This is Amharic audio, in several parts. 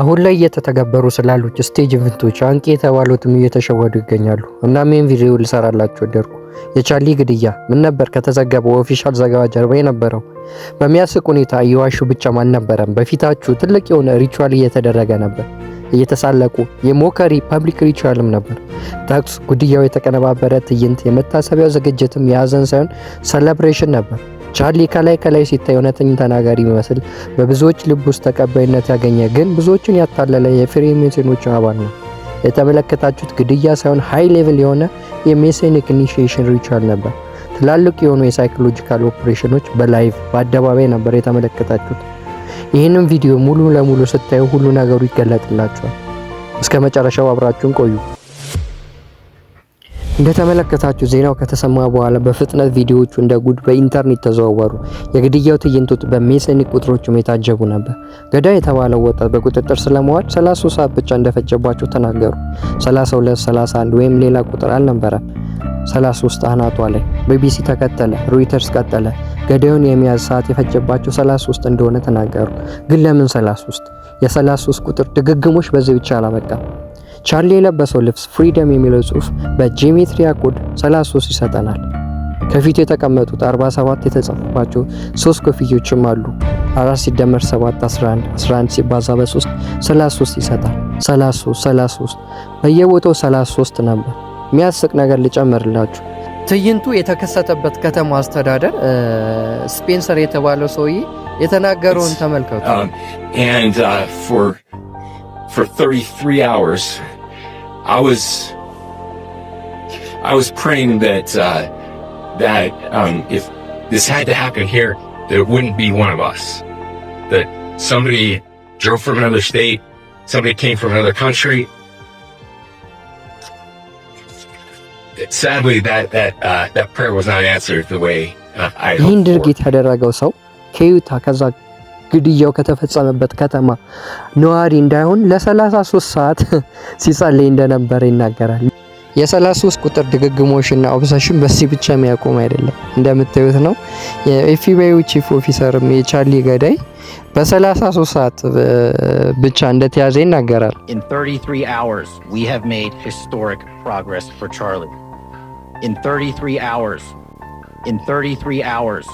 አሁን ላይ እየተተገበሩ ስላሉት ስቴጅ ኢቨንቶች አንቂ የተባሉትም እየተሸወዱ ይገኛሉ። እና ሜን ቪዲዮ ልሰራላችሁ ወደድኩ። የቻርሊ ግድያ ምን ነበር ከተዘገበው ኦፊሻል ዘገባ ጀርባ የነበረው? በሚያስቅ ሁኔታ እየዋሹ ብቻም አልነበረም። በፊታችሁ ትልቅ የሆነ ሪቹዋል እየተደረገ ነበር። እየተሳለቁ የሞከሪ ፐብሊክ ሪቹዋልም ነበር። ተኩስ፣ ግድያው የተቀነባበረ ትዕይንት፣ የመታሰቢያው ዝግጅትም የሀዘን ሳይሆን ሰለብሬሽን ነበር። ቻርሊ ከላይ ከላይ ሲታይ እውነተኛ ተናጋሪ ይመስል በብዙዎች ልብ ውስጥ ተቀባይነት ያገኘ ግን ብዙዎችን ያታለለ የፍሪሜሰኖች አባል ነው። የተመለከታችሁት ግድያ ሳይሆን ሃይ ሌቭል የሆነ የሜሴኒክ ኢኒሺዬሽን ሪቹዋል ነበር። ትላልቅ የሆኑ የሳይኮሎጂካል ኦፕሬሽኖች በላይቭ በአደባባይ ነበር የተመለከታችሁት። ይህንን ቪዲዮ ሙሉ ለሙሉ ስታዩ ሁሉ ነገሩ ይገለጥላችኋል። እስከ መጨረሻው አብራችሁን ቆዩ። እንደተመለከታችሁ ዜናው ከተሰማ በኋላ በፍጥነት ቪዲዮዎቹ እንደ ጉድ በኢንተርኔት ተዘዋወሩ። የግድያው ትዕይንቶች በሚያስደንቅ ቁጥሮችም የታጀቡ ነበር። ገዳይ የተባለው ወጣት በቁጥጥር ስለመዋል 33 ሰዓት ብቻ እንደፈጀባቸው ተናገሩ። 32፣ 31 ወይም ሌላ ቁጥር አልነበረም። 33 አናቷ ላይ ቢቢሲ ተከተለ። ሮይተርስ ቀጠለ። ገዳዩን የመያዝ ሰዓት የፈጀባቸው 33 እንደሆነ ተናገሩ። ግን ለምን 33? የ33 ቁጥር ድግግሞሽ በዚህ ብቻ አላበቃም። ቻርሊ የለበሰው ልብስ ፍሪደም የሚለው ጽሑፍ በጂኦሜትሪያ ኮድ 33 ይሰጠናል። ከፊቱ የተቀመጡት 47 የተጻፉባቸው ሶስት ኮፍዮችም አሉ። 4 ሲደመር 7 11 11 ሲባዛ በ3 33 ይሰጣል። 33 33 በየቦታው 33 ነበር። የሚያስቅ ነገር ልጨምርላችሁ። ትዕይንቱ የተከሰተበት ከተማ አስተዳደር ስፔንሰር የተባለው ሰውዬ የተናገረውን ተመልከቱ። um, uh, for 33 hours, I was I was praying that uh, that um, if this had to happen here, that it wouldn't be one of us. That somebody drove from another state, somebody came from another country. Sadly, that that uh, that prayer was not answered the way uh, I. hoped. ግድያው ከተፈጸመበት ከተማ ነዋሪ እንዳይሆን ለ33 ሰዓት ሲጸልይ እንደነበረ ይናገራል። የ33 ቁጥር ድግግሞሽና ኦብሰሽን በሲ ብቻ የሚያቆም አይደለም። እንደምታዩት ነው የኤፍቢአይ ቺፍ ኦፊሰር የቻርሊ ገዳይ በ33 ሰዓት ብቻ እንደተያዘ ይናገራል። In 33 hours,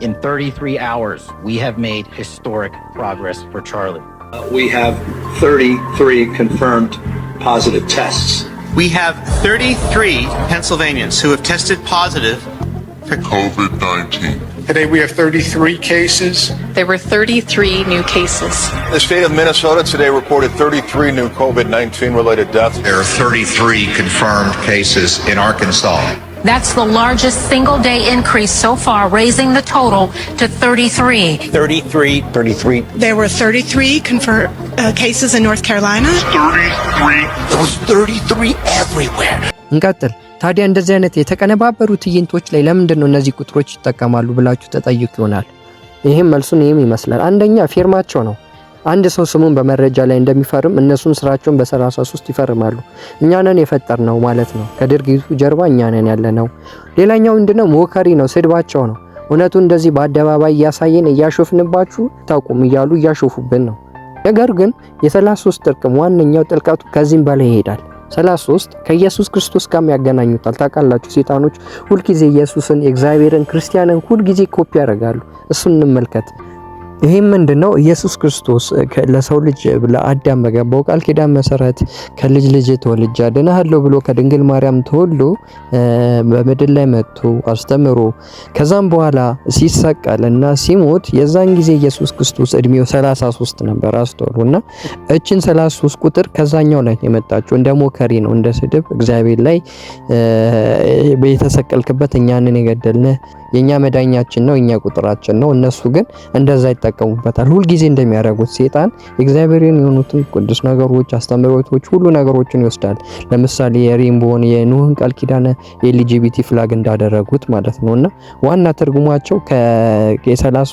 In 33 hours, we have made historic progress for Charlie. Uh, we have 33 confirmed positive tests. We have 33 Pennsylvanians who have tested positive for COVID 19. Today we have 33 cases. There were 33 new cases. The state of Minnesota today reported 33 new COVID 19 related deaths. There are 33 confirmed cases in Arkansas. That's the largest single day increase so far, raising the total to 33. 33. 33. There were 33 confirmed uh, cases in North Carolina. 33. There was 33 everywhere. እንቀጥል። ታዲያ እንደዚህ አይነት የተቀነባበሩ ትዕይንቶች ላይ ለምንድን ነው እነዚህ ቁጥሮች ይጠቀማሉ ብላችሁ ተጠይቁ ይሆናል። ይህም መልሱን ይህም ይመስላል። አንደኛ ፊርማቸው ነው። አንድ ሰው ስሙን በመረጃ ላይ እንደሚፈርም እነሱም ስራቸውን በ33 ይፈርማሉ። እኛ የፈጠር ነው ማለት ነው። ከድርጊቱ ጀርባ እኛንን ያለ ነው። ሌላኛው ምንድነው? ሞከሪ ነው፣ ስድባቸው ነው። እውነቱ እንደዚህ በአደባባይ እያሳየን እያሾፍንባችሁ ታቁም እያሉ እያሾፉብን ነው። ነገር ግን የ33 ጥቅም ዋነኛው ጥልቀቱ ከዚህም በላይ ይሄዳል። 33 ከኢየሱስ ክርስቶስ ጋር ያገናኙታል። ታውቃላችሁ ሴጣኖች ሁልጊዜ ኢየሱስን የእግዚአብሔርን ክርስቲያንን ሁልጊዜ ኮፒ ያደርጋሉ። እሱን እንመልከት። ይህም ምንድን ነው? ኢየሱስ ክርስቶስ ለሰው ልጅ ለአዳም በገባው ቃል ኪዳን መሰረት ከልጅ ልጅ ተወልጃ አድንሃለሁ ብሎ ከድንግል ማርያም ተወልዶ በምድር ላይ መጥቶ አስተምሮ ከዛም በኋላ ሲሰቀል እና ሲሞት የዛን ጊዜ ኢየሱስ ክርስቶስ እድሜው 33 ነበር። አስተውሉ እና እችን 33 ቁጥር ከዛኛው ላይ የመጣችው እንደ ሞከሪ ነው፣ እንደ ስድብ እግዚአብሔር ላይ የተሰቀልክበት እኛንን የገደልነ የኛ መዳኛችን ነው፣ የኛ ቁጥራችን ነው። እነሱ ግን እንደዛ ይጠቀሙበታል። ሁልጊዜ እንደሚያደርጉት ሴጣን እግዚአብሔርን የሆኑትን ቅዱስ ነገሮች፣ አስተምህሮቶች፣ ሁሉ ነገሮችን ይወስዳል። ለምሳሌ የሬንቦን የኑህን ቃል ኪዳን የኤልጂቢቲ ፍላግ እንዳደረጉት ማለት እና ዋና ትርጉማቸው ከ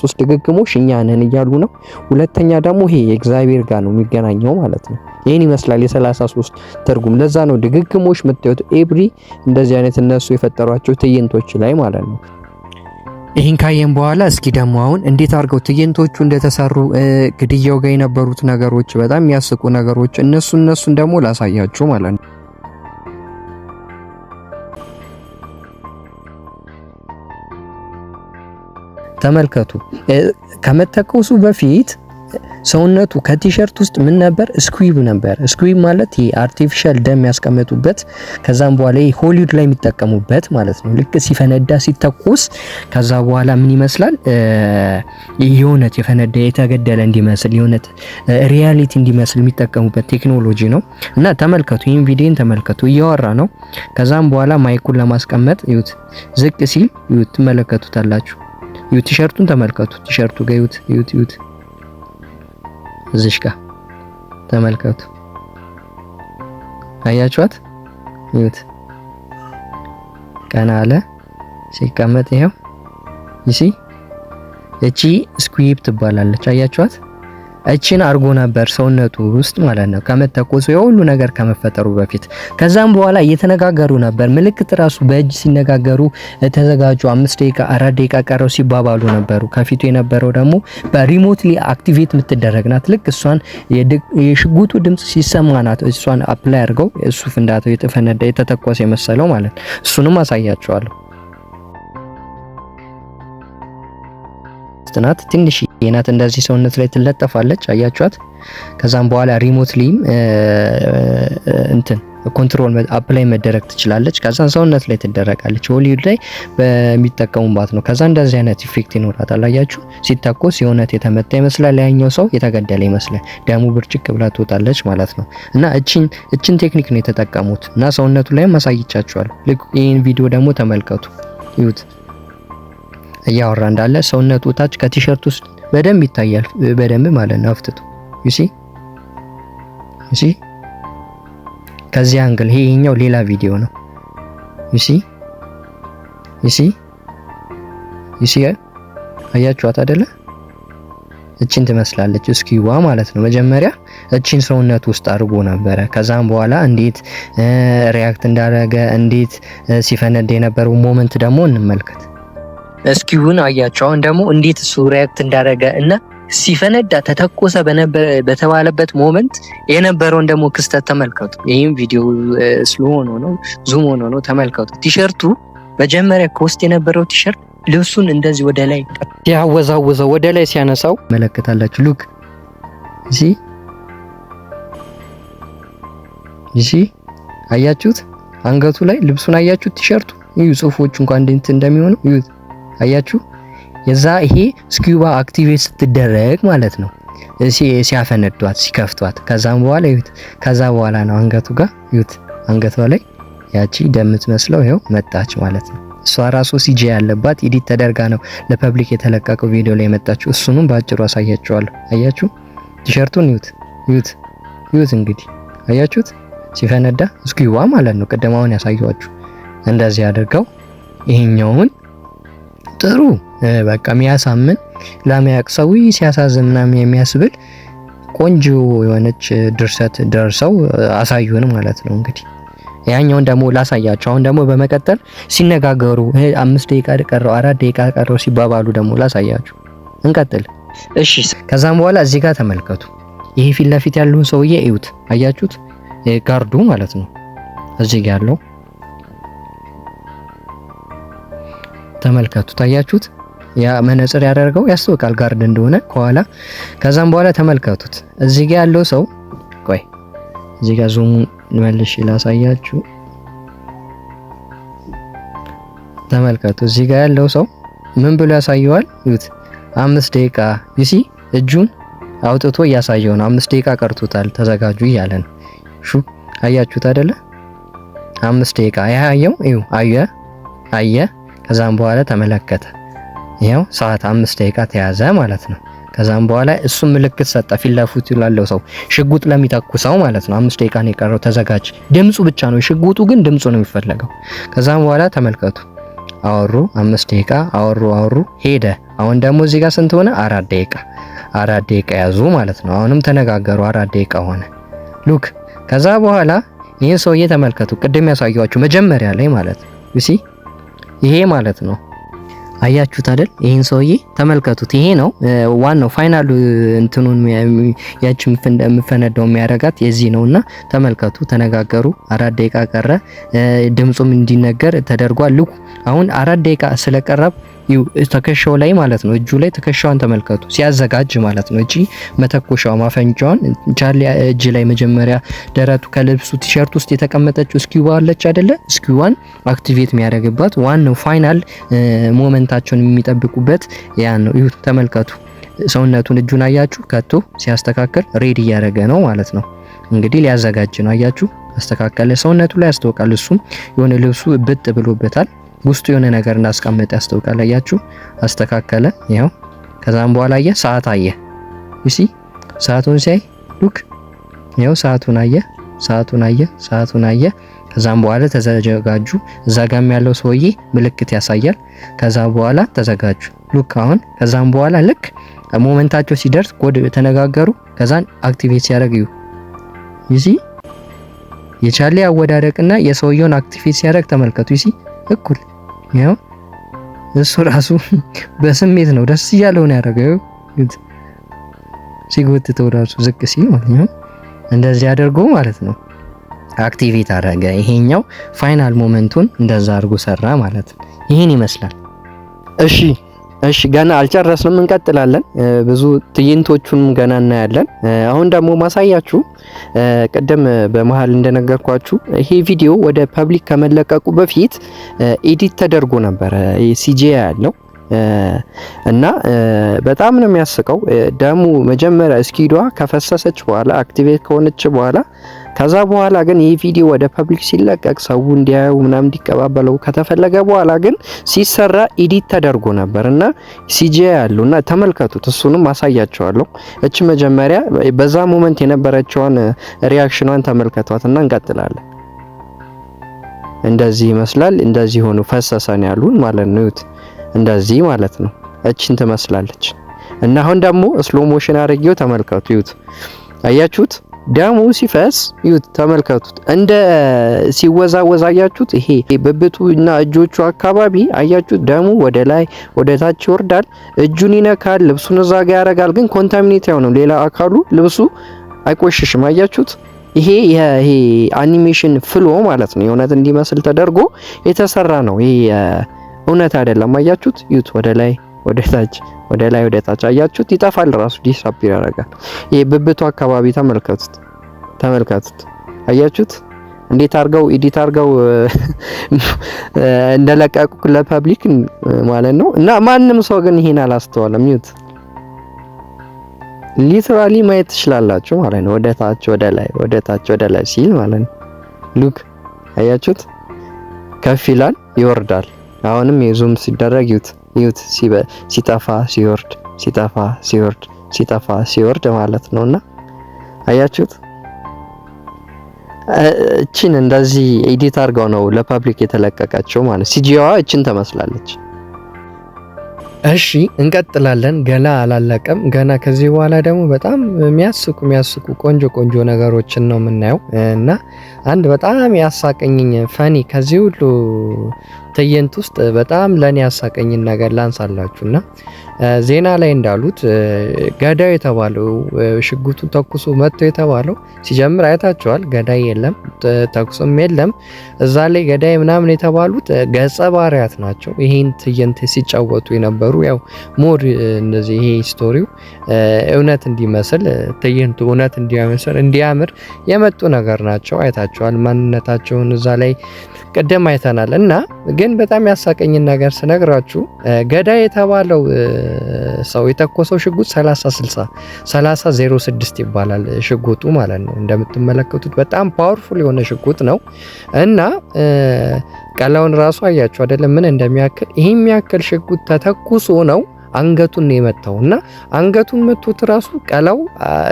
ሶስት ድግግሞሽ እኛ ነን እያሉ ነው። ሁለተኛ ደግሞ ይሄ የእግዚአብሔር ጋር ነው የሚገናኘው ማለት ነው። ይህን ይመስላል የ33 ትርጉም። ለዛ ነው ድግግሞሽ የምታዩት ኤብሪ እንደዚህ አይነት እነሱ የፈጠሯቸው ትዕይንቶች ላይ ማለት ነው። ይህን ካየን በኋላ እስኪ ደግሞ አሁን እንዴት አድርገው ትዕይንቶቹ እንደተሰሩ ግድያው ጋር የነበሩት ነገሮች፣ በጣም የሚያስቁ ነገሮች እነሱ እነሱን ደግሞ ላሳያችሁ ማለት ነው። ተመልከቱ ከመተኮሱ በፊት ሰውነቱ ከቲሸርት ውስጥ ምን ነበር? ስኩዊብ ነበር። ስኩዊብ ማለት የአርቲፊሻል ደም ያስቀመጡበት ከዛም በኋላ ሆሊውድ ላይ የሚጠቀሙበት ማለት ነው። ልክ ሲፈነዳ ሲተኩስ ከዛ በኋላ ምን ይመስላል? የሆነት የፈነዳ የተገደለ እንዲመስል የሆነት ሪያሊቲ እንዲመስል የሚጠቀሙበት ቴክኖሎጂ ነው እና ተመልከቱ፣ ይህን ቪዲዮን ተመልከቱ። እያወራ ነው። ከዛም በኋላ ማይኩን ለማስቀመጥ ይዩት፣ ዝቅ ሲል ይዩት፣ ትመለከቱታላችሁ። ይዩት፣ ቲሸርቱን ተመልከቱ። ቲሸርቱ ጋር ይዩት፣ ይዩት እዚሽ ጋር ተመልከቱ። አያችኋት? ይሁት ቀና አለ ሲቀመጥ፣ ይሄው ይሲ እቺ ስኩዊብ ትባላለች። አያችኋት? እቺን አርጎ ነበር ሰውነቱ ውስጥ ማለት ነው ከመተኮሱ የሁሉ ነገር ከመፈጠሩ በፊት። ከዛም በኋላ እየተነጋገሩ ነበር። ምልክት ራሱ በእጅ ሲነጋገሩ ተዘጋጁ፣ አምስት ደቂቃ አራት ደቂቃ ቀረው ሲባባሉ ነበሩ። ከፊቱ የነበረው ደግሞ በሪሞትሊ አክቲቬት የምትደረግ ልክ እሷን የሽጉጡ ድምጽ ሲሰማናት እሷን አፕላይ አድርገው እሱ ፍንዳታው የተፈነዳ የተተኮሰ የመሰለው ማለት እሱንም አሳያቸዋለሁ። ሶፍት ናት፣ ትንሽ የናት እንደዚህ ሰውነት ላይ ትለጠፋለች። አያችኋት? ከዛም በኋላ ሪሞትሊም እንትን ኮንትሮል አፕላይ መደረግ ትችላለች። ከዛ ሰውነት ላይ ትደረጋለች። ሆሊውድ ላይ በሚጠቀሙባት ነው። ከዛ እንደዚህ አይነት ኢፌክት ይኖራታል። አያችሁ ሲተኮስ የእውነት የተመታ ይመስላል፣ ያኛው ሰው የተገደለ ይመስላል። ደሙ ብርጭቅ ብላ ትወጣለች ማለት ነው። እና እችን እችን ቴክኒክ ነው የተጠቀሙት እና ሰውነቱ ላይም አሳይቻችኋል። ይህን ቪዲዮ ደግሞ ተመልከቱ፣ ይዩት። እያወራ እንዳለ ሰውነቱ ታች ከቲሸርት ውስጥ በደንብ ይታያል። በደንብ ማለት ነው አፍትቶ ዩሲ ዩሲ ከዚህ አንግል ይሄ ይሄኛው ሌላ ቪዲዮ ነው። ዩሲ ዩሲ ዩሲ አያችኋት አይደለ? እቺን ትመስላለች እስኪዋ ማለት ነው። መጀመሪያ እቺን ሰውነት ውስጥ አድርጎ ነበረ። ከዛም በኋላ እንዴት ሪያክት እንዳደረገ እንዴት ሲፈነድ የነበረው ሞመንት ደግሞ እንመልከት። እስኪውን አያቸው። አሁን ደግሞ እንዴት እሱ ሪያክት እንዳደረገ እና ሲፈነዳ ተተኮሰ በተባለበት ሞመንት የነበረውን ደግሞ ክስተት ተመልከቱ። ይህም ቪዲዮ ስሎ ሆኖ ነው ዙም ሆኖ ነው ተመልከቱ። ቲሸርቱ መጀመሪያ ከውስጥ የነበረው ቲሸርት ልብሱን እንደዚህ ወደ ላይ ሲያወዛውዘው ወደ ላይ ሲያነሳው መለከታላችሁ። ሉክ እዚህ እዚህ አያችሁት? አንገቱ ላይ ልብሱን አያችሁት? ቲሸርቱ ይህ ጽሁፎች እንኳን እንዴት እንደሚሆነው አያችሁ የዛ ይሄ ስኪዩባ አክቲቬት ስትደረግ ማለት ነው ሲያፈነዷት ሲከፍቷት፣ ከዛም በኋላ ይሁት ከዛ በኋላ ነው አንገቱ ጋር ይሁት አንገቷ ላይ ያቺ ደምት መስለው ይኸው መጣች ማለት ነው። እሷ ራሱ ሲጂ ያለባት ኢዲት ተደርጋ ነው ለፐብሊክ የተለቀቀው ቪዲዮ ላይ መጣችሁ። እሱንም በአጭሩ አሳያችኋለሁ። አያችሁ ቲሸርቱን ይሁት ይሁት ይሁት እንግዲህ አያችሁት ሲፈነዳ እስኪዋ ማለት ነው። ቅድማውን ያሳየዋችሁ እንደዚህ አድርገው ይሄኛውን ጥሩ በቃ የሚያሳምን ለሚያቅ ሰው ሲያሳዝን ምናምን የሚያስብል ቆንጆ የሆነች ድርሰት ደርሰው አሳዩን ማለት ነው እንግዲህ ያኛውን ደግሞ ላሳያቸው። አሁን ደግሞ በመቀጠል ሲነጋገሩ አምስት ደቂቃ ቀረው አራት ደቂቃ ቀረው ሲባባሉ ደግሞ ላሳያቸው። እንቀጥል እሺ። ከዛም በኋላ እዚህ ጋር ተመልከቱ። ይሄ ፊት ለፊት ያለውን ሰውዬ እዩት። አያችሁት? ጋርዱ ማለት ነው እዚህ ያለው ተመልከቱ። ታያችሁት? ያ መነጽር ያደርገው ያስታውቃል ጋርድ እንደሆነ ከኋላ። ከዛም በኋላ ተመልከቱት። እዚህ ጋር ያለው ሰው ቆይ፣ እዚህ ጋር ዙሙ መልሽ ላሳያችሁ። ተመልከቱ፣ እዚህ ጋር ያለው ሰው ምን ብሎ ያሳየዋል? ዩት አምስት ደቂቃ ዩሲ እጁን አውጥቶ እያሳየው ነው። አምስት ደቂቃ ቀርቶታል ተዘጋጁ እያለ ነው። ሹ አያችሁት አይደለ? አምስት ደቂቃ ያየው ይሁ አየ አየ ከዛም በኋላ ተመለከተ። ይኸው ሰዓት አምስት ደቂቃ ተያዘ ማለት ነው። ከዛም በኋላ እሱም ምልክት ሰጠ፣ ፊት ለፊቱ ላለው ሰው ሽጉጥ ለሚተኩሰው ማለት ነው። አምስት ደቂቃ ነው የቀረው፣ ተዘጋጅ። ድምፁ ብቻ ነው ሽጉጡ ግን ድምፁ ነው የሚፈለገው። ከዛም በኋላ ተመልከቱ፣ አወሩ፣ አምስት ደቂቃ አወሩ፣ አወሩ፣ ሄደ። አሁን ደግሞ እዚህ ጋር ስንት ሆነ? አራት ደቂቃ፣ አራት ደቂቃ ያዙ ማለት ነው። አሁንም ተነጋገሩ፣ አራት ደቂቃ ሆነ። ሉክ ከዛ በኋላ ይህን ሰውዬ ተመልከቱ፣ ቅድም ያሳየኋችሁ መጀመሪያ ላይ ማለት ነው ዩሲ ይሄ ማለት ነው። አያችሁት አይደል? ይሄን ሰውዬ ተመልከቱት። ይሄ ነው ዋናው ፋይናሉ እንትኑን ያቺ የምፈነዳው የሚያረጋት የዚህ ነውና ተመልከቱ። ተነጋገሩ። አራት ደቂቃ ቀረ። ድምጹም እንዲነገር ተደርጓል። ልኩ አሁን አራት ደቂቃ ስለቀረብ ትከሻው ላይ ማለት ነው። እጁ ላይ ትከሻዋን ተመልከቱ ሲያዘጋጅ ማለት ነው። እጂ መተኮሻዋ ማፈንጫዋን ቻርሊ እጅ ላይ መጀመሪያ ደረቱ ከልብሱ ቲሸርት ውስጥ የተቀመጠችው እስኪዋ አለች አይደለ? እስኪዋን አክቲቬት የሚያደርግባት ዋናው ፋይናል ሞመንታቸውን የሚጠብቁበት ያን ነው። ይሁት ተመልከቱ። ሰውነቱን እጁን አያችሁ ከቶ ሲያስተካከል ሬድ እያደረገ ነው ማለት ነው። እንግዲህ ሊያዘጋጅ ነው አያችሁ። አስተካከለ። ሰውነቱ ላይ ያስተውቃል። እሱም የሆነ ልብሱ ብጥ ብሎበታል። ውስጡ የሆነ ነገር እንዳስቀመጠ ያስታውቃል። አያችሁ፣ አስተካከለ። ይኸው ከዛም በኋላ አየ፣ ሰዓት አየ። እሺ፣ ሰዓቱን ሲያይ ሉክ፣ ይኸው ሰዓቱን አየ፣ ሰዓቱን አየ፣ ሰዓቱን አየ። ከዛም በኋላ ተዘጋጁ። እዛ ጋም ያለው ሰውዬ ምልክት ያሳያል። ከዛ በኋላ ተዘጋጁ። ሉክ አሁን ከዛም በኋላ ልክ ሞመንታቸው ሲደርስ ኮድ ተነጋገሩ። ከዛን አክቲቬት ሲያደርግ እዩ ይሲ የቻሌ አወዳደቅና የሰውየውን አክቲቬት ሲያደርግ ተመልከቱ። ይሲ እኩል ይኸው እሱ ራሱ በስሜት ነው ደስ እያለው ነው ያደረገው። ሲጎትተው ራሱ ዝቅ ሲል ማለት ነው እንደዚህ አድርጎ ማለት ነው አክቲቬት አደረገ። ይሄኛው ፋይናል ሞመንቱን እንደዛ አድርጎ ሰራ ማለት ነው። ይህን ይመስላል። እሺ እሺ ገና አልጨረስንም፣ እንቀጥላለን። ብዙ ትዕይንቶቹንም ገና እናያለን። አሁን ደግሞ ማሳያችሁ ቅድም በመሀል እንደነገርኳችሁ ይሄ ቪዲዮ ወደ ፐብሊክ ከመለቀቁ በፊት ኤዲት ተደርጎ ነበረ ሲጂ ያለው እና በጣም ነው የሚያስቀው። ደሙ መጀመሪያ እስኪዷ ከፈሰሰች በኋላ አክቲቬት ከሆነች በኋላ ከዛ በኋላ ግን ይህ ቪዲዮ ወደ ፐብሊክ ሲለቀቅ ሰው እንዲያዩ ምናም እንዲቀባበለው ከተፈለገ በኋላ ግን ሲሰራ ኢዲት ተደርጎ ነበር እና ሲጂ ያሉና ተመልከቱት። እሱንም አሳያቸዋለሁ። እች መጀመሪያ በዛ ሞመንት የነበረችዋን ሪያክሽኗን ተመልከቷት እና እንቀጥላለን። እንደዚህ ይመስላል። እንደዚህ ሆኖ ፈሰሰን ያሉን ማለት ነው። እንደዚህ ማለት ነው። እችን ትመስላለች እና አሁን ደግሞ ስሎ ሞሽን አድርጌው ተመልከቱ፣ አያችሁት? ደሙ ሲፈስ ይሁት ተመልከቱት። እንደ ሲወዛወዝ አያችሁት? ይሄ ብብቱ እና እጆቹ አካባቢ አያችሁት? ደሙ ወደ ላይ ወደ ታች ይወርዳል። እጁን ይነካል፣ ልብሱን እዛ ጋ ያረጋል። ግን ኮንታሚኔት አይሆንም። ሌላ አካሉ ልብሱ አይቆሽሽም። አያችሁት? ይሄ ይሄ አኒሜሽን ፍሎ ማለት ነው። የእውነት እንዲመስል ተደርጎ የተሰራ ነው። ይሄ እውነት አይደለም። አያችሁት? ይሁት ወደ ላይ ወደ ታች ወደ ላይ ወደ ታች አያችሁት? ይጠፋል ራሱ ዲስአፒር ያደርጋል። ይሄ ብብቱ አካባቢ ተመልከቱት፣ ተመልከቱት። አያችሁት? እንዴት አድርገው ኤዲት አድርገው እንደለቀቁ ለፐብሊክ ማለት ነው። እና ማንም ሰው ግን ይሄን አላስተዋለም። ይሁት ሊትራሊ ማየት ትችላላችሁ ማለት ነው። ወደ ታች ወደ ላይ ወደ ታች ወደ ላይ ሲል ማለት ነው። ሉክ አያችሁት? ከፍ ይላል፣ ይወርዳል። አሁንም የዙም ሲደረግ ይዩት። ኒውት ሲጠፋ ሲወርድ ሲጠፋ ሲወርድ ሲጠፋ ሲወርድ ማለት ነውና አያችሁት። እቺን እንደዚህ ኤዲት አድርገው ነው ለፐብሊክ የተለቀቀችው ማለት ሲጂዋ እቺን ተመስላለች። እሺ እንቀጥላለን። ገና አላለቀም። ገና ከዚህ በኋላ ደግሞ በጣም የሚያስቁ የሚያስቁ ቆንጆ ቆንጆ ነገሮችን ነው የምናየው እና አንድ በጣም ያሳቀኝኝ ፈኒ ከዚህ ሁሉ ትዕይንት ውስጥ በጣም ለእኔ ያሳቀኝ ነገር ላንሳላችሁ እና ዜና ላይ እንዳሉት ገዳዩ የተባለው ሽጉቱ ተኩሶ መጥቶ የተባለው ሲጀምር አይታችኋል። ገዳይ የለም፣ ተኩሶም የለም። እዛ ላይ ገዳይ ምናምን የተባሉት ገጸ ባህሪያት ናቸው። ይህን ትዕይንት ሲጫወቱ የነበሩ ያው ሞር እነዚህ ይሄ ስቶሪው እውነት እንዲመስል ትዕይንቱ እውነት እንዲመስል እንዲያምር የመጡ ነገር ናቸው። አይታችኋል ማንነታቸውን እዛ ላይ ቅድም አይተናል እና ግን በጣም ያሳቀኝን ነገር ስነግራችሁ ገዳ የተባለው ሰው የተኮሰው ሽጉጥ 3060 3006 ይባላል ሽጉጡ ማለት ነው። እንደምትመለከቱት በጣም ፓወርፉል የሆነ ሽጉጥ ነው እና ቀላውን ራሱ አያችሁ አይደለም ምን እንደሚያክል። ይህ የሚያክል ሽጉጥ ተተኩሶ ነው አንገቱን ነው የመታው እና አንገቱን መቶት ራሱ ቀላው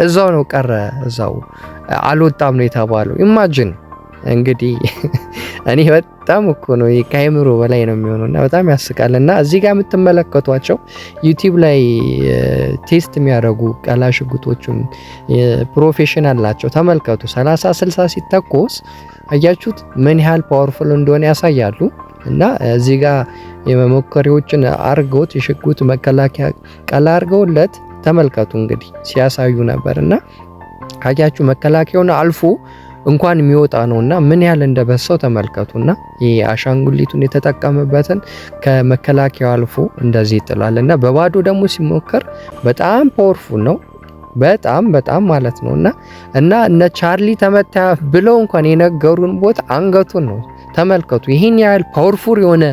እዛው ነው ቀረ፣ እዛው አልወጣም ነው የተባለው። ኢማጂን እንግዲህ እኔ በጣም እኮ ነው ከአይምሮ በላይ ነው የሚሆነው እና በጣም ያስቃል። እና እዚህ ጋር የምትመለከቷቸው ዩቲዩብ ላይ ቴስት የሚያደርጉ ቀላ ሽጉጦቹን ፕሮፌሽናል ናቸው። ተመልከቱ። 30 60 ሲተኮስ አያችሁት ምን ያህል ፓወርፉል እንደሆነ ያሳያሉ። እና እዚህ ጋር የመሞከሪዎችን አርገውት የሽጉት መከላከያ ቀላ አርገውለት ተመልከቱ እንግዲህ ሲያሳዩ ነበር እና ካያችሁ መከላከያውን አልፎ እንኳን የሚወጣ ነውና ምን ያህል እንደበሰው ተመልከቱና ይሄ አሻንጉሊቱን የተጠቀመበትን ከመከላከያው አልፎ እንደዚህ እና በባዶ ደግሞ ሲሞከር በጣም ፓወርፉል ነው። በጣም በጣም ማለት ነው እና እና እነ ቻርሊ ተመታ ብለው እንኳን የነገሩን ቦታ አንገቱን ነው። ተመልከቱ ይህን ያህል ፓወርፉል የሆነ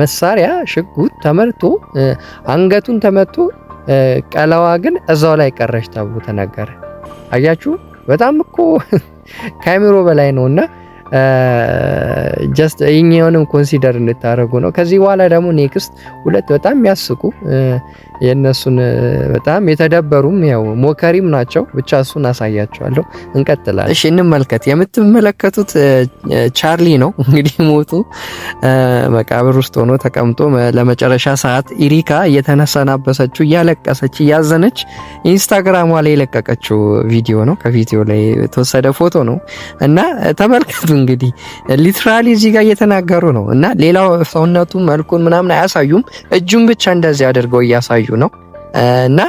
መሳሪያ ሽጉት ተመርቶ አንገቱን ተመቶ ቀለዋ ግን እዛው ላይ ቀረች ተብሎ ተነገረ። አያችሁ። በጣም እኮ ከአእምሮ በላይ ነው እና ጀስት እኛውንም ኮንሲደር እንታደረጉ ነው። ከዚህ በኋላ ደግሞ ኔክስት ሁለት በጣም የሚያስቁ የእነሱን በጣም የተደበሩም ያው ሞከሪም ናቸው። ብቻ እሱን አሳያቸዋለሁ። እንቀጥላለን። እሺ እንመልከት። የምትመለከቱት ቻርሊ ነው እንግዲህ ሞቱ መቃብር ውስጥ ሆኖ ተቀምጦ ለመጨረሻ ሰዓት ኢሪካ እየተነሰናበሰችው እያለቀሰች እያዘነች ኢንስታግራሟ ላይ የለቀቀችው ቪዲዮ ነው። ከቪዲዮ ላይ የተወሰደ ፎቶ ነው እና ተመልከቱ እንግዲህ ሊትራሊ እዚህ ጋር እየተናገሩ ነው እና ሌላው ሰውነቱ መልኩን ምናምን አያሳዩም። እጁን ብቻ እንደዚህ አድርገው እያሳዩ ልዩ ነው እና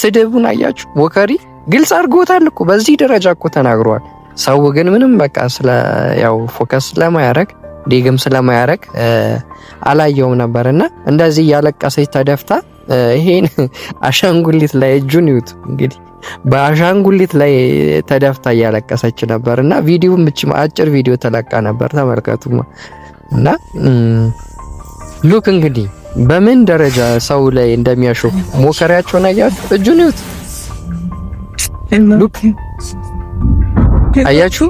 ስድቡን አያችሁ፣ ወከሪ ግልጽ አድርጎታል እኮ በዚህ ደረጃ እኮ ተናግሯል። ሰው ግን ምንም በቃ ያው ፎከስ ስለማያረግ ዲግም ስለማያረግ አላየውም ነበር እና እንደዚህ እያለቀሰች ተደፍታ ይሄን አሻንጉሊት ላይ እጁን ይዩት እንግዲህ በአሻንጉሊት ላይ ተደፍታ እያለቀሰች ነበር እና ቪዲዮም ብቻ አጭር ቪዲዮ ተለቃ ነበር። ተመልከቱ። እና ሉክ እንግዲህ በምን ደረጃ ሰው ላይ እንደሚያሹ ሞከሪያቸውን አያችሁ? እጁን ይዩት። ሉክ አያችሁ?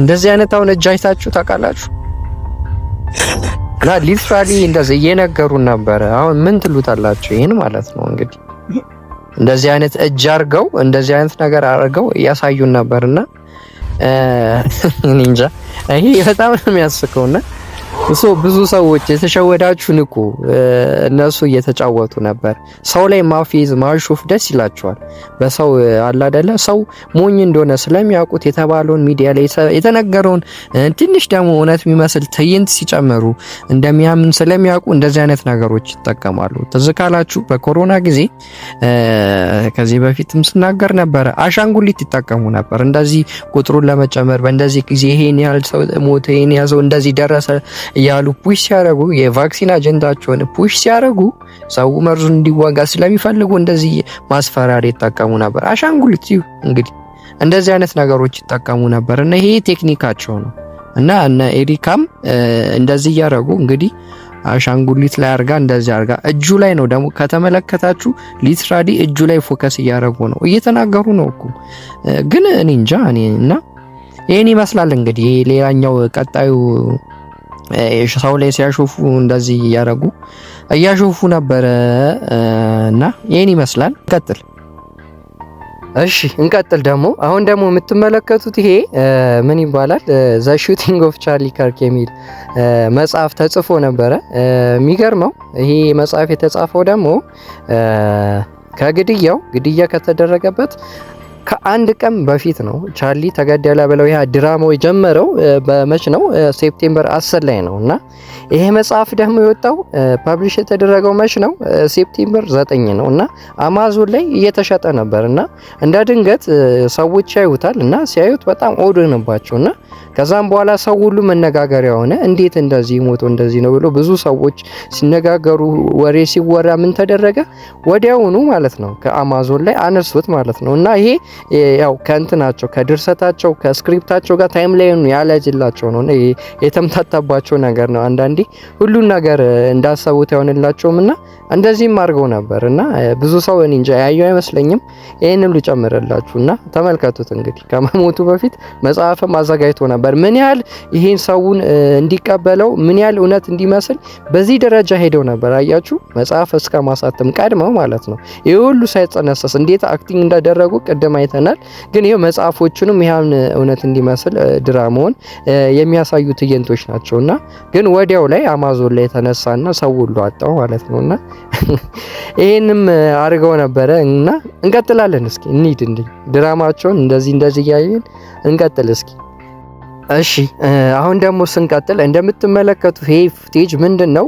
እንደዚህ አይነት አሁን እጅ አይታችሁ ታውቃላችሁ? እና ሊትራሊ እንደዚህ እየነገሩን ነበረ። አሁን ምን ትሉታላችሁ? ይህን ማለት ነው እንግዲህ እንደዚህ አይነት እጅ አርገው እንደዚህ አይነት ነገር አርገው እያሳዩን ነበርና እንጃ ይሄ በጣም ነው የሚያስቀውና እሱ ብዙ ሰዎች የተሸወዳችሁ ንቁ። እነሱ እየተጫወቱ ነበር። ሰው ላይ ማፌዝ ማሹፍ ደስ ይላቸዋል። በሰው አላደለ ሰው ሞኝ እንደሆነ ስለሚያውቁት የተባለውን ሚዲያ ላይ የተነገረውን ትንሽ ደግሞ እውነት የሚመስል ትዕይንት ሲጨምሩ እንደሚያምን ስለሚያውቁ እንደዚህ አይነት ነገሮች ይጠቀማሉ። ትዝ ካላችሁ በኮሮና ጊዜ ከዚህ በፊትም ስናገር ነበረ፣ አሻንጉሊት ይጠቀሙ ነበር። እንደዚህ ቁጥሩን ለመጨመር በእንደዚህ ጊዜ ይሄን ያህል ሰው ሞተ፣ ይሄን ያህል ሰው እንደዚህ ደረሰ እያሉ ፑሽ ሲያደርጉ የቫክሲን አጀንዳቸውን ፑሽ ሲያደርጉ ሰው መርዙን እንዲዋጋ ስለሚፈልጉ እንደዚህ ማስፈራሪ ይጠቀሙ ነበር። አሻንጉሊት እንግዲህ እንደዚህ አይነት ነገሮች ይጠቀሙ ነበር እና ይሄ ቴክኒካቸው ነው እና እነ ኤሪካም እንደዚህ እያደረጉ እንግዲህ አሻንጉሊት ላይ አርጋ እንደዚህ አርጋ እጁ ላይ ነው ደግሞ ከተመለከታችሁ ሊትራሊ እጁ ላይ ፎከስ እያደረጉ ነው እየተናገሩ ነው እኮ ግን እኔ እንጃ እኔ እና ይህን ይመስላል እንግዲህ ሌላኛው ቀጣዩ ሰው ላይ ሲያሾፉ እንደዚህ እያረጉ እያሾፉ ነበረ እና ይህን ይመስላል። እንቀጥል። እሺ እንቀጥል። ደግሞ አሁን ደግሞ የምትመለከቱት ይሄ ምን ይባላል? ዘ ሹቲንግ ኦፍ ቻርሊ ከርክ የሚል መጽሐፍ ተጽፎ ነበረ። የሚገርመው ይሄ መጽሐፍ የተጻፈው ደግሞ ከግድያው ግድያ ከተደረገበት ከአንድ ቀን በፊት ነው ቻርሊ ተገደለ ብለው ያ ድራማው የጀመረው በመች ነው ሴፕቴምበር 10 ላይ ነው እና ይሄ መጽሐፍ ደግሞ የወጣው ፐብሊሽ የተደረገው መች ነው ሴፕቴምበር 9 ነው እና አማዞን ላይ እየተሸጠ ነበር እና እንደ ድንገት ሰዎች ያዩታል እና ሲያዩት በጣም ኦድንባቸው እና ከዛም በኋላ ሰው ሁሉ መነጋገሪያ ሆነ። እንዴት እንደዚህ ሞቶ እንደዚህ ነው ብሎ ብዙ ሰዎች ሲነጋገሩ ወሬ ሲወራ ምን ተደረገ ወዲያውኑ ማለት ነው ከአማዞን ላይ አነሱት ማለት ነው እና ይሄ ያው ከእንትናቸው ከድርሰታቸው ከስክሪፕታቸው ጋር ታይም ላይ ያለጅላቸው ነው እና የተምታታባቸው ነገር ነው። አንዳንዴ ሁሉን ነገር እንዳሰቡት አይሆንላቸውም እና እንደዚህም አድርገው ነበር እና ብዙ ሰው እኔ እንጃ ያየው አይመስለኝም። ይህንም ልጨምርላችሁ እና ተመልከቱት። እንግዲህ ከመሞቱ በፊት መጽሐፍም አዘጋጅቶ ነበር። ምን ያህል ይሄን ሰውን እንዲቀበለው ምን ያህል እውነት እንዲመስል በዚህ ደረጃ ሄደው ነበር። አያችሁ መጽሐፍ እስከ ማሳተም ቀድመው ማለት ነው። ይህ ሁሉ ሳይጸነሰስ እንዴት አክቲንግ እንዳደረጉ ቅድም አይተናል። ግን ይሄ መጽሐፎቹንም ይህን እውነት እንዲመስል ድራማውን የሚያሳዩ ትዕይንቶች ናቸው ግን ወዲያው ላይ አማዞን ላይ የተነሳና ሰው ሁሉ አጣው ማለት ነውና ይሄንም አድርገው ነበረ እና እንቀጥላለን። እስኪ እንሂድ እንዴ ድራማቸውን እንደዚህ እንደዚህ እያየን እንቀጥል እስኪ እሺ አሁን ደግሞ ስንቀጥል እንደምትመለከቱ ይሄ ፉቴጅ ምንድን ነው?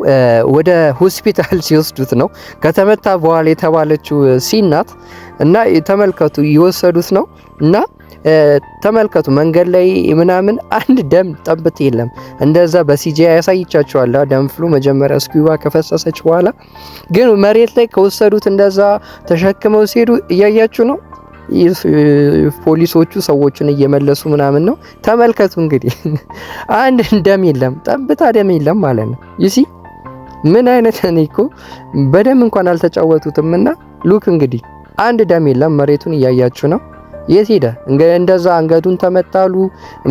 ወደ ሆስፒታል ሲወስዱት ነው ከተመታ በኋላ የተባለችው ሲናት እና ተመልከቱ፣ እየወሰዱት ነው እና ተመልከቱ መንገድ ላይ ምናምን አንድ ደም ጠብት የለም። እንደዛ በሲጂ ያሳይቻቸዋለሁ። ደም ፍሉ መጀመሪያ ስኪባ ከፈሰሰች በኋላ ግን መሬት ላይ ከወሰዱት እንደዛ ተሸክመው ሲሄዱ እያያችሁ ነው። ፖሊሶቹ ሰዎችን እየመለሱ ምናምን ነው። ተመልከቱ እንግዲህ አንድ ደም የለም፣ ጠብታ ደም የለም ማለት ነው። ይሲ ምን አይነት እኔ እኮ በደም እንኳን አልተጫወቱትም። እና ሉክ እንግዲህ አንድ ደም የለም። መሬቱን እያያችሁ ነው። የት ሄደ? እንደዛ አንገቱን ተመታሉ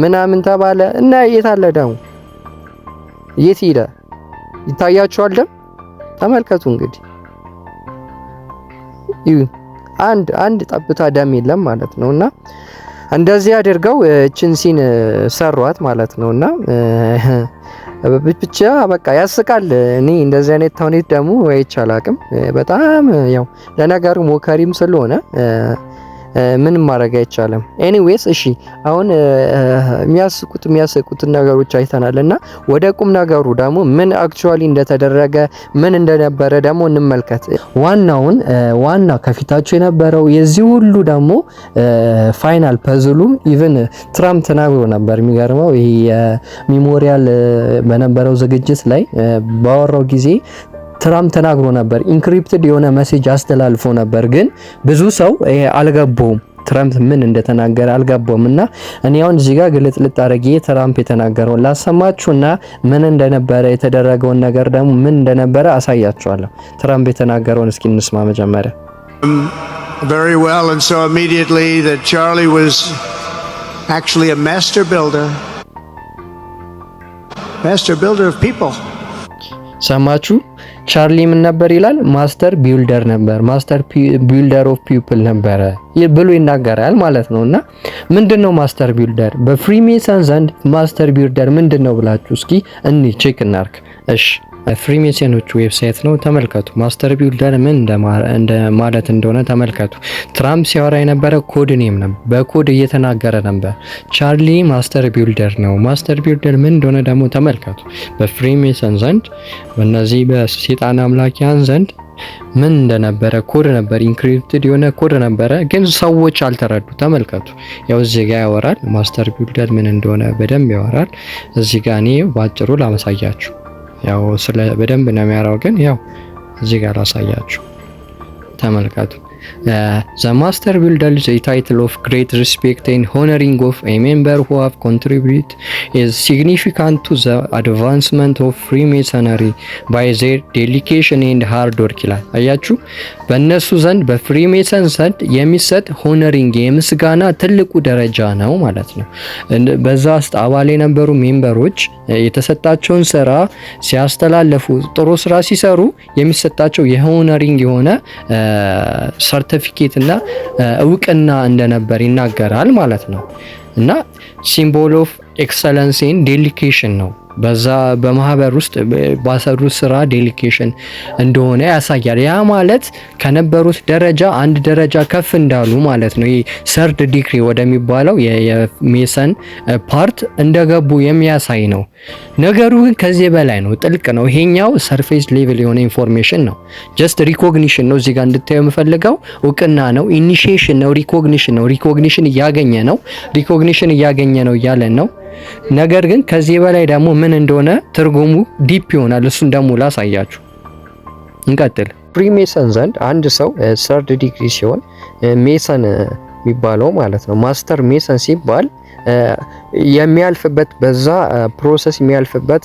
ምናምን ተባለ እና የት አለ ደሙ? የት ሄደ? ይታያችኋል ደም። ተመልከቱ እንግዲህ አንድ አንድ ጠብታ ደም የለም ማለት ነው እና እንደዚህ አድርገው እችን ሲን ሰሯት ማለት ነው እና ብቻ በቃ ያስቃል። እኔ እንደዚህ አይነት ተውኔት ደግሞ አይቼ አላቅም። በጣም ያው ለነገሩ ሞከሪም ስለሆነ ምንም ማድረግ አይቻልም። ኤኒዌይስ እሺ፣ አሁን የሚያስቁት የሚያስቁትን ነገሮች አይተናል እና ወደ ቁም ነገሩ ደግሞ ምን አክቹዋሊ እንደተደረገ ምን እንደነበረ ደግሞ እንመልከት። ዋናውን ዋና ከፊታቸው የነበረው የዚህ ሁሉ ደግሞ ፋይናል ፐዝሉም ኢቨን ትራምፕ ተናግሮ ነበር። የሚገርመው ይሄ የሚሞሪያል በነበረው ዝግጅት ላይ ባወራው ጊዜ ትራምፕ ተናግሮ ነበር። ኢንክሪፕትድ የሆነ መሴጅ አስተላልፎ ነበር፣ ግን ብዙ ሰው ይሄ አልገባውም። ትራምፕ ምን እንደተናገረ አልገባውም። እና እኔ አሁን እዚህ ጋር ግልጥልጥ አድርጌ ትራምፕ የተናገረውን ላሰማችሁና ምን እንደነበረ የተደረገውን ነገር ደግሞ ምን እንደነበረ አሳያችኋለሁ። ትራምፕ የተናገረውን እስኪ እንስማ መጀመሪያ very well and so immediately that Charlie was actually a master builder master builder of people ሰማችሁ ቻርሊ ምን ነበር ይላል? ማስተር ቢልደር ነበር፣ ማስተር ቢልደር ኦፍ ፒፕል ነበረ ብሎ ይናገራል ማለት ነው። እና ምንድን ነው ማስተር ቢልደር? በፍሪሜሰን ዘንድ ማስተር ቢልደር ምንድን ነው ብላችሁ እስኪ እኒ ቼክ እናርክ። እሺ ፍሪሜሰኖች ዌብሳይት ነው። ተመልከቱ ማስተር ቢልደር ምን እንደማለት እንደሆነ ተመልከቱ። ትራምፕ ሲያወራ የነበረ ኮድ ኔም ነው፣ በኮድ እየተናገረ ነበር። ቻርሊ ማስተር ቢልደር ነው። ማስተር ቢልደር ምን እንደሆነ ደግሞ ተመልከቱ። በፍሪሜሰን ዘንድ በእነዚህ በሴጣን አምላኪያን ዘንድ ምን እንደነበረ ኮድ ነበር፣ ኢንክሪፕትድ የሆነ ኮድ ነበረ፣ ግን ሰዎች አልተረዱ። ተመልከቱ፣ ያው እዚህ ጋር ያወራል። ማስተር ቢልደር ምን እንደሆነ በደንብ ያወራል። እዚህ ጋር እኔ ባጭሩ ላመሳያችሁ ያው ስለ በደንብ ነው የሚያራው ግን ያው እዚህ ጋር አሳያችሁ ተመልከቱ። ዘ ማስተር ቢልደር ዘ ታይትል ኦፍ ግሬት ሪስፔክት ኤንድ ሆነሪንግ ኦፍ ኤ ሜምበር ሁ ሃቭ ኮንትሪቢዩት ሲግኒፊካንት ቱ ዘ አድቫንስመንት ኦፍ ፍሪሜሰነሪ ባይ ዜር ዴሊኬሽን ኤንድ ሃርድ ወርክ ይላል። አያችሁ በእነሱ ዘንድ በፍሪሜሰን ዘንድ የሚሰጥ ሆነሪንግ የምስጋና ትልቁ ደረጃ ነው ማለት ነው። በዛ ውስጥ አባል የነበሩ ሜምበሮች የተሰጣቸውን ስራ ሲያስተላለፉ ጥሩ ስራ ሲሰሩ የሚሰጣቸው የሆነሪንግ የሆነ ሰርተፊኬት እና እውቅና እንደነበር ይናገራል ማለት ነው እና ሲምቦል ኦፍ ኤክሰለንሲን ዴሊኬሽን ነው በዛ በማህበር ውስጥ ባሰሩት ስራ ዴሊኬሽን እንደሆነ ያሳያል። ያ ማለት ከነበሩት ደረጃ አንድ ደረጃ ከፍ እንዳሉ ማለት ነው። ሰርድ ዲግሪ ወደሚባለው የሜሰን ፓርት እንደገቡ የሚያሳይ ነው። ነገሩ ግን ከዚህ በላይ ነው፣ ጥልቅ ነው። ይሄኛው ሰርፌስ ሌቭል የሆነ ኢንፎርሜሽን ነው። ጀስት ሪኮግኒሽን ነው። እዚህ ጋር እንድታዩ የምፈልገው እውቅና ነው፣ ኢኒሺዬሽን ነው፣ ሪኮግኒሽን ነው። ሪኮግኒሽን እያገኘ ነው፣ ሪኮግኒሽን እያገኘ ነው እያለን ነው ነገር ግን ከዚህ በላይ ደግሞ ምን እንደሆነ ትርጉሙ ዲፕ ይሆናል። እሱን ደግሞ ላሳያችሁ። እንቀጥል። ፍሪሜሰን ዘንድ አንድ ሰው ሰርድ ዲግሪ ሲሆን ሜሰን የሚባለው ማለት ነው። ማስተር ሜሰን ሲባል የሚያልፍበት በዛ ፕሮሰስ የሚያልፍበት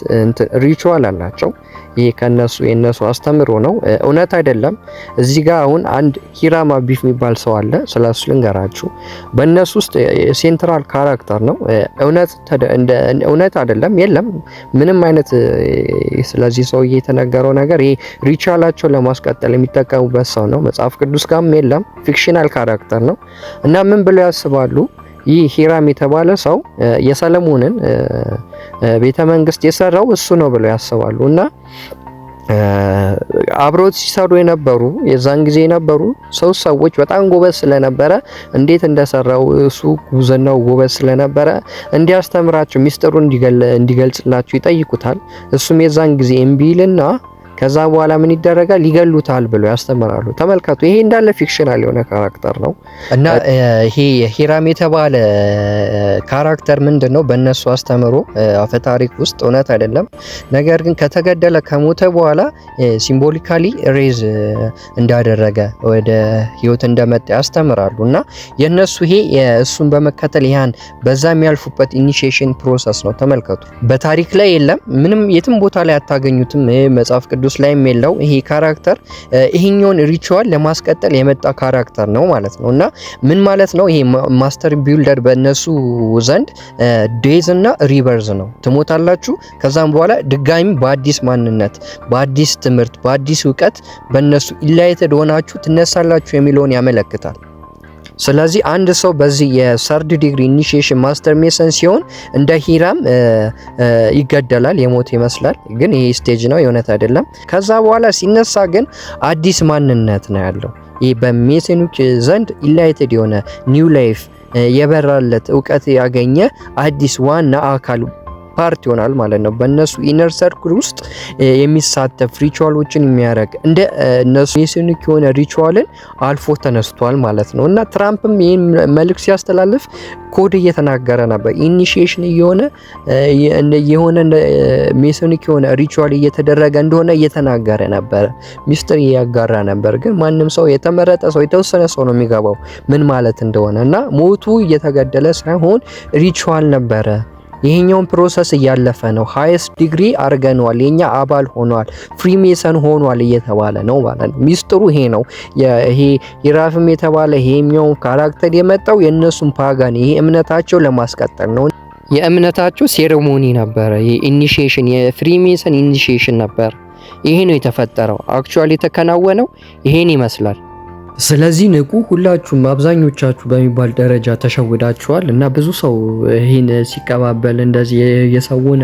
ሪቹዋል አላቸው። ይሄ ከነሱ የነሱ አስተምሮ ነው፣ እውነት አይደለም። እዚህ ጋር አሁን አንድ ሂራማ ቢፍ የሚባል ሰው አለ፣ ስለሱ ልንገራችሁ። በእነሱ ውስጥ ሴንትራል ካራክተር ነው። እውነት አይደለም፣ የለም ምንም አይነት ስለዚህ ሰውዬ የተነገረው ነገር ይሄ ሪቹዋላቸው ለማስቀጠል የሚጠቀሙበት ሰው ነው። መጽሐፍ ቅዱስ ጋርም የለም፣ ፊክሽናል ካራክተር ነው እና ምን ብለው ያስባሉ ይህ ሂራም የተባለ ሰው የሰለሞንን ቤተ መንግስት የሰራው እሱ ነው ብለው ያስባሉ እና አብሮት ሲሰሩ የነበሩ የዛን ጊዜ የነበሩ ሰው ሰዎች በጣም ጎበዝ ስለነበረ እንዴት እንደሰራው እሱ ጉዘናው ጎበዝ ስለነበረ እንዲያስተምራቸው ሚስጥሩ እንዲገልጽላቸው ይጠይቁታል። እሱም የዛን ጊዜ እምቢ ከዛ በኋላ ምን ይደረጋል? ይገሉታል ብሎ ያስተምራሉ። ተመልከቱ። ይሄ እንዳለ ፊክሽናል የሆነ ካራክተር ነው እና ይሄ ሂራም የተባለ ካራክተር ምንድን ነው በእነሱ አስተምሮ አፈታሪክ ውስጥ እውነት አይደለም። ነገር ግን ከተገደለ ከሞተ በኋላ ሲምቦሊካሊ ሬዝ እንዳደረገ ወደ ህይወት እንደመጣ ያስተምራሉ እና የእነሱ ይሄ እሱን በመከተል ያን በዛ የሚያልፉበት ኢኒሽሽን ፕሮሰስ ነው። ተመልከቱ። በታሪክ ላይ የለም ምንም የትም ቦታ ላይ አታገኙትም። መጽሐፍ ቅዱስ ቅዱስ ላይም የለው ይሄ ካራክተር ይሄኛውን ሪቹዋል ለማስቀጠል የመጣ ካራክተር ነው ማለት ነው። እና ምን ማለት ነው? ይሄ ማስተር ቢልደር በእነሱ ዘንድ ዴዝ እና ሪቨርዝ ነው። ትሞታላችሁ፣ ከዛም በኋላ ድጋሚ በአዲስ ማንነት፣ በአዲስ ትምህርት፣ በአዲስ እውቀት በእነሱ ኢላይትድ ሆናችሁ ትነሳላችሁ የሚለውን ያመለክታል። ስለዚህ አንድ ሰው በዚህ የሰርድ ዲግሪ ኢኒሺዬሽን ማስተር ሜሰን ሲሆን እንደ ሂራም ይገደላል፣ የሞት ይመስላል። ግን ይሄ ስቴጅ ነው፣ የእውነት አይደለም። ከዛ በኋላ ሲነሳ ግን አዲስ ማንነት ነው ያለው። ይህ በሜሰኖች ዘንድ ኢላይትድ የሆነ ኒው ላይፍ የበራለት እውቀት ያገኘ አዲስ ዋና አካል ፓርት ይሆናል ማለት ነው። በእነሱ ኢነር ሰርክል ውስጥ የሚሳተፍ ሪቹዋሎችን የሚያደርግ እንደ እነሱ ሜሶኒክ የሆነ ሪቹዋልን አልፎ ተነስቷል ማለት ነው እና ትራምፕም ይህን መልእክት ሲያስተላልፍ ኮድ እየተናገረ ነበር። ኢኒሽሽን እየሆነ የሆነ ሜሶኒክ የሆነ ሪቹዋል እየተደረገ እንደሆነ እየተናገረ ነበረ። ሚስጥር እያጋራ ነበር። ግን ማንም ሰው የተመረጠ ሰው የተወሰነ ሰው ነው የሚገባው ምን ማለት እንደሆነ እና ሞቱ እየተገደለ ሳይሆን ሪቹዋል ነበረ ይህኛውን ፕሮሰስ እያለፈ ነው። ሃይስት ዲግሪ አርገኗል፣ የኛ አባል ሆኗል፣ ፍሪሜሰን ሆኗል እየተባለ ነው ማለት ነው። ሚስጥሩ ይሄ ነው። ይሄ ሂራፍም የተባለ ይሄኛው ካራክተር የመጣው የእነሱን ፓጋን ይሄ እምነታቸው ለማስቀጠል ነው። የእምነታቸው ሴሬሞኒ ነበረ። የኢኒሺዬሽን የፍሪሜሰን ኢኒሺዬሽን ነበር። ይሄ ነው የተፈጠረው። አክቹአሊ የተከናወነው ይሄን ይመስላል። ስለዚህ ንቁ። ሁላችሁም አብዛኞቻችሁ በሚባል ደረጃ ተሸውዳችኋል እና ብዙ ሰው ይህን ሲቀባበል እንደዚህ የሰውን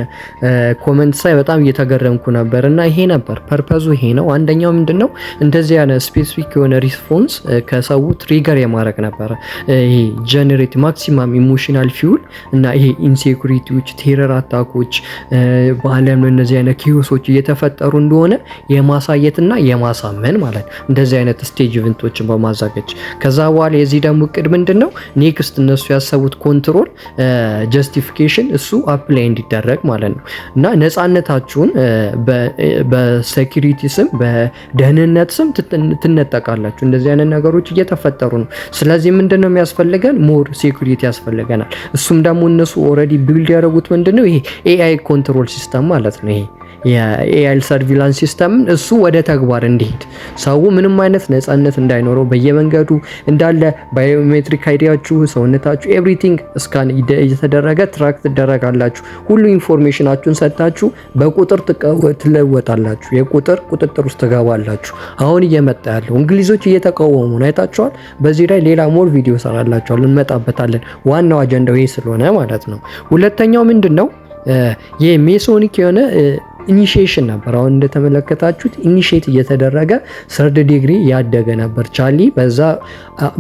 ኮመንት ሳይ በጣም እየተገረምኩ ነበር። እና ይሄ ነበር ፐርፐዙ፣ ይሄ ነው። አንደኛው ምንድን ነው እንደዚህ ያለ ስፔሲፊክ የሆነ ሪስፖንስ ከሰው ትሪገር የማድረግ ነበረ። ይሄ ጀኔሬት ማክሲማም ኢሞሽናል ፊውል እና ይሄ ኢንሴኩሪቲዎች፣ ቴረር አታኮች በአለም ነው እነዚህ አይነት ኪዮሶች እየተፈጠሩ እንደሆነ የማሳየት የማሳየትና የማሳመን ማለት እንደዚህ አይነት ስቴጅ ኢቨንቶች ነገሮችን በማዛገች ከዛ በኋላ የዚህ ደግሞ እቅድ ምንድን ነው? ኔክስት እነሱ ያሰቡት ኮንትሮል ጀስቲፊኬሽን እሱ አፕ ላይ እንዲደረግ ማለት ነው እና ነፃነታችሁን በሴኪሪቲ ስም በደህንነት ስም ትነጠቃላችሁ። እንደዚህ አይነት ነገሮች እየተፈጠሩ ነው። ስለዚህ ምንድን ነው የሚያስፈልገን? ሞር ሴኩሪቲ ያስፈልገናል። እሱም ደግሞ እነሱ ኦልሬዲ ቢልድ ያደረጉት ምንድን ነው ይሄ ኤአይ ኮንትሮል ሲስተም ማለት ነው ይሄ የኤአይ ሰርቪላንስ ሲስተም እሱ ወደ ተግባር እንዲሄድ ሰው ምንም አይነት ነጻነት እንዳይኖረው በየመንገዱ እንዳለ ባዮሜትሪክ አይዲያችሁ፣ ሰውነታችሁ፣ ኤቭሪቲንግ እስካን እየተደረገ ትራክ ትደረጋላችሁ። ሁሉ ኢንፎርሜሽናችሁን ሰጥታችሁ በቁጥር ትለወጣላችሁ። የቁጥር ቁጥጥር ውስጥ ትገባላችሁ። አሁን እየመጣ ያለው እንግሊዞች እየተቃወሙ ነው። አይታችኋል። በዚህ ላይ ሌላ ሞር ቪዲዮ ሰራላችኋል፣ እንመጣበታለን። ዋናው አጀንዳው ይህ ስለሆነ ማለት ነው። ሁለተኛው ምንድን ነው? ሜሶኒክ የሆነ ኢኒሺዬሽን ነበር። አሁን እንደተመለከታችሁት ኢኒሽት እየተደረገ ሰርድ ዲግሪ ያደገ ነበር። ቻርሊ በዛ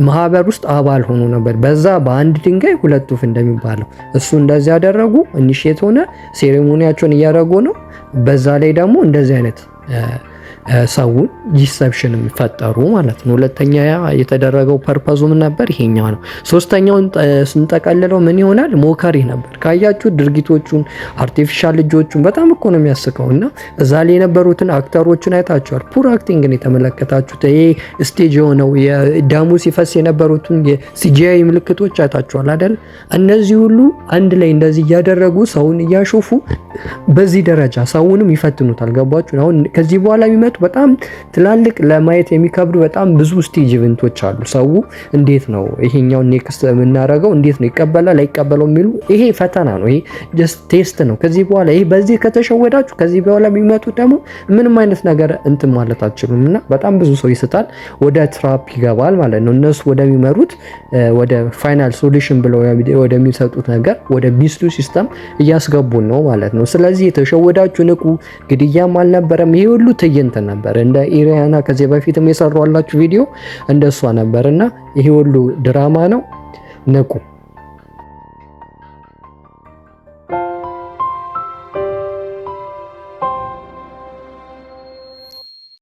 ማህበር ውስጥ አባል ሆኖ ነበር። በዛ በአንድ ድንጋይ ሁለት ወፍ እንደሚባለው እሱ እንደዚህ ያደረጉ ኢኒሽት ሆነ። ሴሬሞኒያቸውን እያደረጉ ነው። በዛ ላይ ደግሞ እንደዚህ አይነት ሰውን ዲሰፕሽን የሚፈጠሩ ማለት ነው። ሁለተኛ የተደረገው ፐርፐዙም ነበር ይሄኛው ነው። ሶስተኛውን ስንጠቀልለው ምን ይሆናል? ሞከሪ ነበር። ካያችሁ ድርጊቶቹን አርቲፊሻል ልጆቹን በጣም እኮ ነው የሚያስቀው እና እዛ ላይ የነበሩትን አክተሮችን አይታችኋል። ፑር አክቲንግን የተመለከታችሁት ይሄ ስቴጅ የሆነው ደሙ ሲፈስ የነበሩትን የሲጂአይ ምልክቶች አይታችኋል አደል? እነዚህ ሁሉ አንድ ላይ እንደዚህ እያደረጉ ሰውን እያሾፉ በዚህ ደረጃ ሰውንም ይፈትኑታል። ገባችሁ? አሁን ከዚህ በኋላ የሚመጡ የሚያደርጉት። በጣም ትላልቅ ለማየት የሚከብዱ በጣም ብዙ ስቴጅ ኢቨንቶች አሉ። ሰው እንዴት ነው ይሄኛውን ኔክስት የምናደርገው እንዴት ነው ይቀበላል አይቀበለው የሚሉ ይሄ ፈተና ነው። ይሄ ጀስት ቴስት ነው። ከዚህ በኋላ ይሄ በዚህ ከተሸወዳችሁ ከዚህ በኋላ የሚመጡት ደግሞ ምንም አይነት ነገር እንትን ማለት አችሉም እና በጣም ብዙ ሰው ይስታል፣ ወደ ትራፕ ይገባል ማለት ነው። እነሱ ወደሚመሩት ወደ ፋይናል ሶሉሽን ብለው ወደሚሰጡት ነገር ወደ ቢስቱ ሲስተም እያስገቡን ነው ማለት ነው። ስለዚህ የተሸወዳችሁ ንቁ። ግድያም አልነበረም። ይሄ ሁሉ ትዕይንት ነው። ነበር። እንደ ኢሪያና ከዚህ በፊትም የሰሯላችሁ ቪዲዮ እንደሷ ነበር እና ይሄ ሁሉ ድራማ ነው። ንቁ